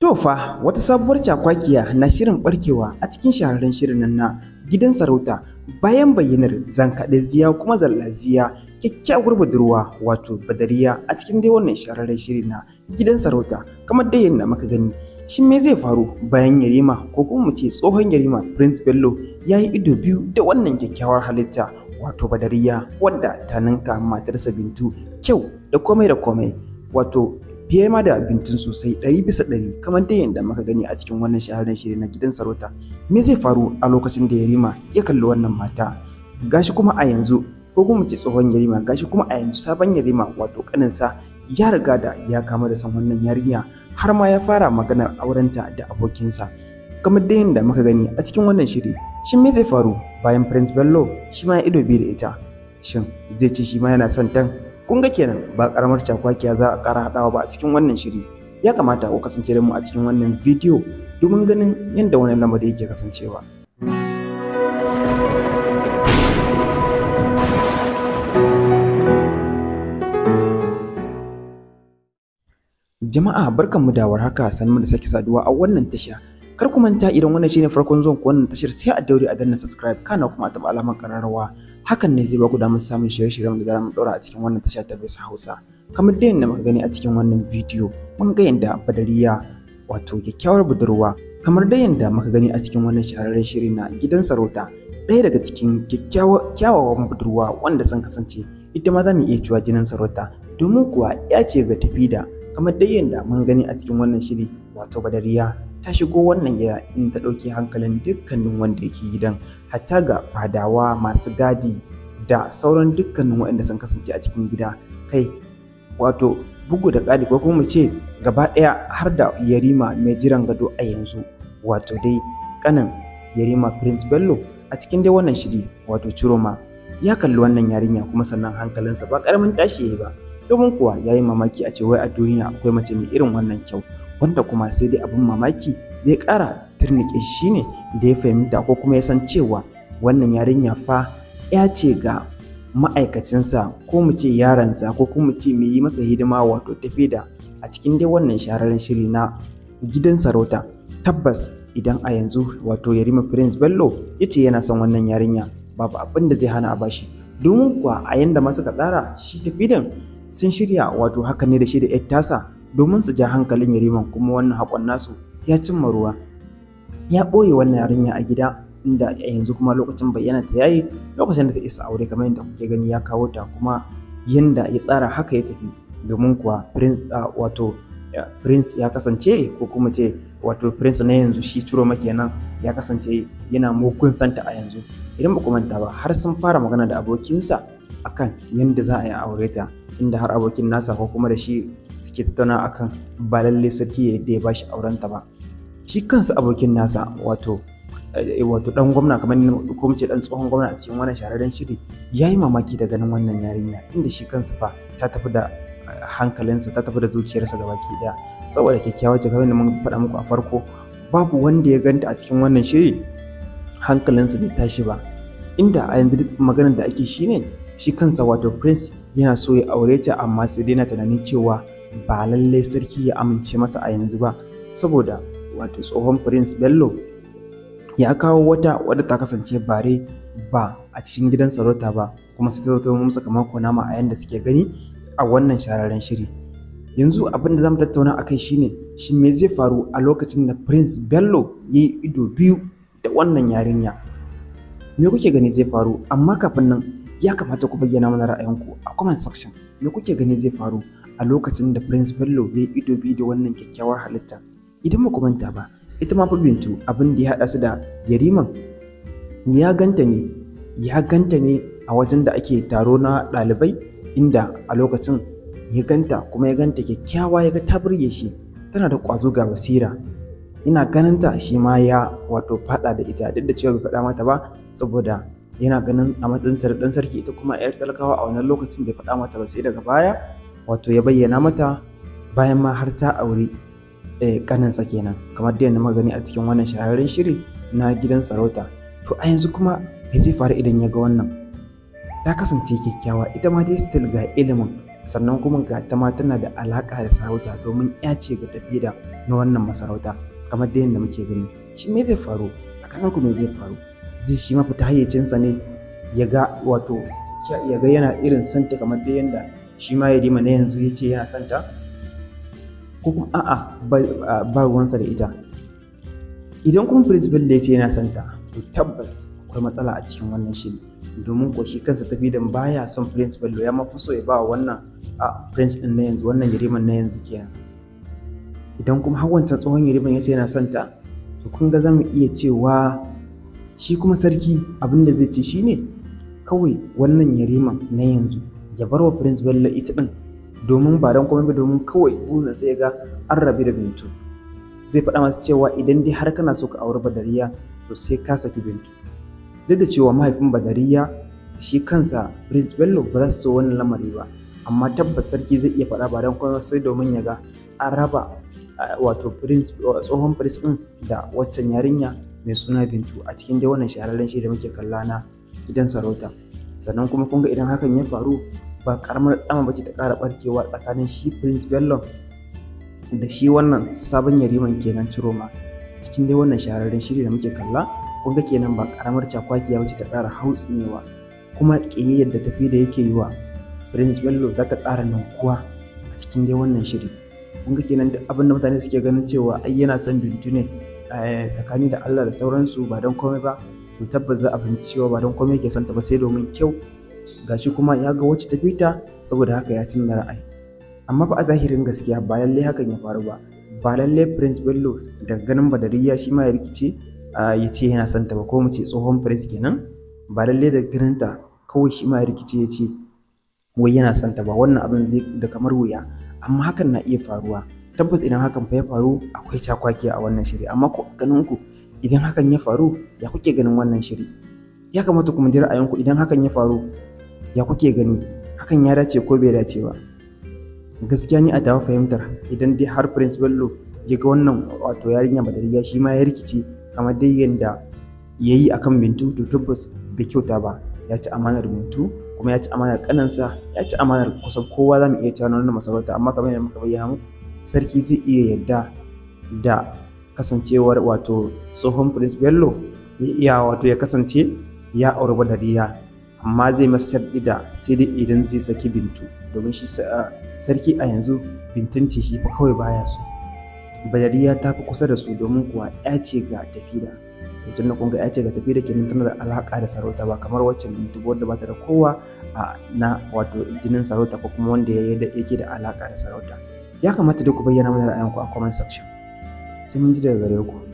To fa wata sabuwar cakwakiya na shirin barkewa a cikin shahararren shirin nan na gidan sarauta bayan bayyanar zankaɗe ziya kuma zallaziya kyakkyawar budurwa wato badariya a cikin dai wannan shahararren shirin na gidan sarauta kamar dai yadda muka gani shin me zai faru bayan yarima ko kuma mu ce tsohon yarima prince bello ya yi ido biyu da wannan kyakkyawar halitta wato badariya wadda ta ninka matarsa bintu kyau da komai da komai wato fiye ma da abincin sosai ɗari bisa ɗari kamar dai yadda muka gani a cikin wannan shahararren shiri na gidan sarauta me zai faru a lokacin da yarima ya kalli wannan mata gashi kuma a yanzu ko kuma ce tsohon yarima gashi kuma a yanzu sabon yarima wato ƙaninsa, ya riga da ya kama da san wannan yarinya har ma ya fara maganar aurenta da abokinsa kamar dai yadda muka gani a cikin wannan shiri shi me zai faru bayan prince bello shi ma ya ido biyu da ita shin zai ce shi ma yana son tan kun ga kenan ba karamar cakwakiya za a ƙara haɗawa ba a cikin wannan shiri ya kamata ku kasance da mu a cikin wannan bidiyo domin ganin yadda wani lamari yake kasancewa. Jama'a mu da warhaka sanmu da sake saduwa a wannan tasha. Kar ku manta idan wannan shine farkon zuwan ku wannan tashar sai a daure a danna subscribe kana kuma a taba alamar kararrawa hakan ne zai ba ku damar samun shirye-shiryen da za mu ɗora a cikin wannan tasha ta bisa hausa kamar da yadda muka gani a cikin wannan bidiyo mun ga yadda badariya wato kyakkyawar budurwa kamar da yadda muka gani a cikin wannan shahararren shiri na gidan sarauta ɗaya daga cikin kyawawan budurwa wanda sun kasance ita ma za mu iya cewa jinin sarauta domin kuwa ya ce ga tafi da kamar da yadda mun gani a cikin wannan shiri wato badariya ta shigo wannan gida in ta ɗauki hankalin dukkanin wanda yake gidan hatta ga fadawa masu gadi da sauran dukkanin waɗanda sun kasance a cikin gida kai wato bugu da ƙari ko kuma ce gaba ɗaya har da yarima mai jiran gado a yanzu wato dai kanan yarima prince bello a cikin dai wannan shiri wato ciroma ya kalli wannan yarinya kuma sannan hankalinsa ba ƙaramin tashi ya yi ba domin kuwa ya yi mamaki a ce wai a duniya akwai mace mai irin wannan kyau wanda kuma sai dai abin mamaki zai kara turnike shi ne da ya fahimta ko kuma ya san cewa wannan yarinya fa ya ce ga ma'aikacinsa ko mu ce yaransa ko kuma mu ce mai yi masa hidima wato tafi da a cikin dai wannan shahararren shiri na gidan sarauta tabbas idan a yanzu wato yarima prince bello ya ce yana son wannan yarinya babu abin da zai hana a bashi domin kuwa a yanda masu ka tsara shi tafi sun shirya wato haka ne da shi da 'yar tasa domin su ja hankalin yariman kuma wannan haƙon nasu ya cimma ruwa ya ɓoye wannan yarinya a gida inda yanzu kuma lokacin bayyana ta yayi lokacin da ta isa aure kamar yadda kuke gani ya kawo ta kuma yanda ya tsara haka ya tafi domin kuwa prince ah, wato prince ya kasance ko kuma ce wato prince na yanzu shi turo kenan ya kasance yana mugun santa a yanzu idan ba ku manta ba har sun fara magana da abokinsa akan yadda za a yi aure ta inda har abokin nasa ko kuma da shi suke tattauna akan ba lalle sarki ya yadda ya bashi aurenta ba shi kansa abokin nasa wato eh, wato dan gwamna kamar ni ko mu ce dan tsohon gwamna a cikin wannan shahararren shiri ya yi mamaki da ganin wannan yarinya inda shi kansa fa ta tafi da eh, hankalinsa ta tafi da zuciyarsa gabaki daya saboda kyakkyawar ce kamar mun faɗa muku a farko babu wanda ya ganta a cikin wannan shiri hankalinsa bai tashi ba inda a yanzu maganar da ake shine shi kansa wato prince yana so ya aure ta amma sai dai na tunanin cewa ba lallai sarki ya amince masa a yanzu ba saboda wato tsohon prince bello ya kawo wata wadda ta kasance bare ba a cikin gidan sarauta ba kuma su ta musu kamar kunama a yanda suke gani a wannan shararren shiri yanzu abin da zamu tattauna akai shine shin me zai faru a lokacin da prince bello ya yi ido biyu da wannan yarinya me kuke gani zai faru amma kafin nan ya kamata ku bayyana mana ra'ayinku a comment section me kuke gani zai faru a lokacin da Prince Bello ya ido bi da wannan kyakkyawar halitta. Idan muku manta ba, ita ma Bintu abin da ya haɗa su da Yariman ya ganta ne ya ganta ne a wajen da ake taro na ɗalibai inda a lokacin ya ganta kuma ya ganta kyakkyawa ya ga ta burge shi tana da ƙwazo ga basira ina ganinta shi ma ya wato faɗa da ita duk da cewa bai faɗa mata ba saboda yana ganin a matsayin ɗan sarki ita kuma 'yar talakawa a wannan lokacin bai faɗa mata ba sai daga baya wato ya bayyana mata bayan ma har ta auri kaninsa eh, kenan kamar da yadda magani a cikin wannan shahararren shiri na gidan sarauta to a yanzu kuma me zai faru idan ya ga wannan ta kasance kyakkyawa ita ma dai still ga ilimin sannan kuma ga ta ma tana da alaka da sarauta domin ya ce ga tafi da na wannan masarauta kamar da yadda muke gani shi me zai faru a kanan ku me zai faru zai shi mafita hayyacinsa ne ya ga wato ya ga yana irin santa kamar da yadda shi ma ya rima na yanzu ya ce yana santa ko kuma a'a ba ruwansa da ita idan kuma principal da ya ce yana santa to tabbas akwai matsala a cikin wannan shiri domin ko shi kansa tafi da ya son principal ya mafi so ya ba wannan a prince na yanzu wannan yariman na yanzu kenan idan kuma har wancan tsohon yariman ya ce yana santa to kun ga za iya cewa shi kuma sarki abinda zai ce shine kawai wannan yariman na yanzu ya bar wa prince bello ita ɗin domin ba don komai ba domin kawai burin sai ga an rabi da bintu zai faɗa masa cewa idan dai har kana so ka auri badariya to sai ka saki bintu duk da cewa mahaifin badariya shi kansa prince bello ba za su so wannan lamari ba amma tabbas sarki zai iya faɗa ba don komai sai domin ya ga an raba wato prince tsohon prince din da waccan yarinya mai suna bintu a cikin dai wannan shahararren shi da muke kalla na gidan sarauta sannan kuma kun ga idan hakan ya faru ba karamar tsama ba ce ta kara barkewa tsakanin shi prince bellon da shi wannan sabon yariman kenan ciroma cikin dai wannan shahararren shiri da muke kalla kun ga kenan ba karamar cakwakiya wuce ta ƙara hautsinewa kuma ƙiyayyar da tafi da yake yiwa prince bello za ta ƙara nankuwa a cikin dai wannan shiri kun ga kenan duk abin da mutane suke ganin cewa ai yana son bintu ne eh, tsakani da allah da sauransu ba don komai ba to tabbas za a fahimci ba don komai yake son ta ba sai domin kyau gashi kuma ya ga wacce ta fita saboda haka ya cin ra'ayi amma ba a zahirin gaskiya ba lallai hakan ya faru ba ba lallai prince bello da ganin badariya shi ma ya rikice ya ce yana son ta ba ko mu ce tsohon prince kenan ba lallai da ganin ta kawai shi ma ya rikice ya ce wai yana son ta ba wannan abin zai da kamar wuya amma hakan na iya faruwa tabbas idan hakan fa ya faru akwai cakwaki a wannan shiri amma ko ganin ku idan hakan ya faru ya kuke ganin wannan shiri ya kamata ku ji ra'ayinku idan hakan ya faru ya kuke gani hakan ya dace ko bai dace ba gaskiya ni a tawa fahimtar idan dai har prince bello ya ga wannan wato yarinya badariya shi ma ya rikice kamar dai yanda ya yi akan bintu to tabbas bai kyauta ba ya ci amanar bintu kuma ya ci amanar kanansa ya ci amanar kusan kowa za mu iya cewa wannan masarauta amma kamar yadda muka bayyana muku sarki zai iya yadda da kasancewar wato tsohon prince bello ya wato ya kasance ya auri badariya amma zai masa sharɗi da sai idan zai saki bintu domin shi sarki a yanzu bintun shi fa kawai baya so bayariya ta fi kusa da su domin kuwa ya ce ga tafida mutum na kunga ya ce ga tafida kenan tana da alaƙa da sarauta ba kamar wacce bintu wadda ba ta da kowa a na wato jinin sarauta ko kuma wanda yake da alaƙa da sarauta ya kamata duk ku bayyana mana ra'ayinku a comment section sai mun ji daga gare ku